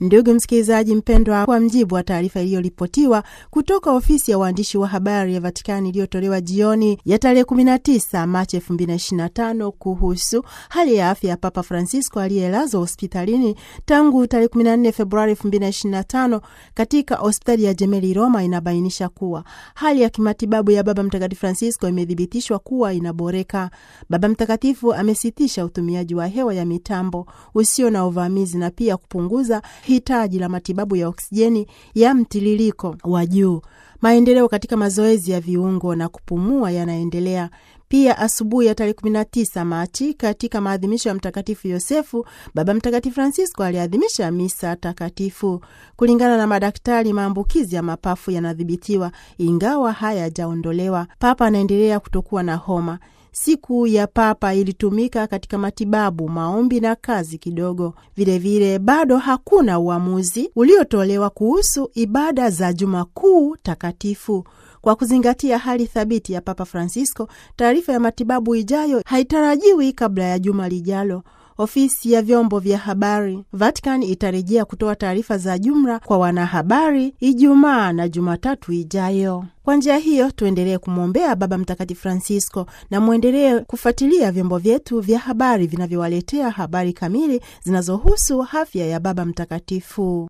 Ndugu msikilizaji mpendwa, kwa mjibu wa taarifa iliyoripotiwa kutoka ofisi ya waandishi wa habari ya Vatikani iliyotolewa jioni ya tarehe 19 Machi 2025 kuhusu hali ya afya ya Papa Francisco aliyelazwa hospitalini tangu tarehe 14 Februari 2025 katika hospitali ya Jemeli Roma, inabainisha kuwa hali ya kimatibabu ya Baba Mtakatifu Francisco imethibitishwa kuwa inaboreka. Baba Mtakatifu amesitisha utumiaji wa hewa ya mitambo usio na uvamizi na pia kupunguza hitaji la matibabu ya oksijeni ya mtiririko wa juu. Maendeleo katika mazoezi ya viungo na kupumua yanaendelea pia. Asubuhi ya tarehe 19 Machi, katika maadhimisho ya Mtakatifu Yosefu, Baba Mtakatifu Francisco aliadhimisha misa takatifu. Kulingana na madaktari, maambukizi ya mapafu yanadhibitiwa ingawa hayajaondolewa. Papa anaendelea kutokuwa na homa. Siku ya Papa ilitumika katika matibabu, maombi na kazi kidogo. Vilevile vile, bado hakuna uamuzi uliotolewa kuhusu ibada za Juma Kuu Takatifu. Kwa kuzingatia hali thabiti ya Papa Francisco, taarifa ya matibabu ijayo haitarajiwi kabla ya juma lijalo ofisi ya vyombo vya habari. Vatican itarejea kutoa taarifa za jumla kwa wanahabari Ijumaa na Jumatatu ijayo. Kwa njia hiyo tuendelee kumwombea Baba Mtakatifu Francisco na mwendelee kufuatilia vyombo vyetu vya habari vinavyowaletea habari kamili zinazohusu afya ya Baba Mtakatifu.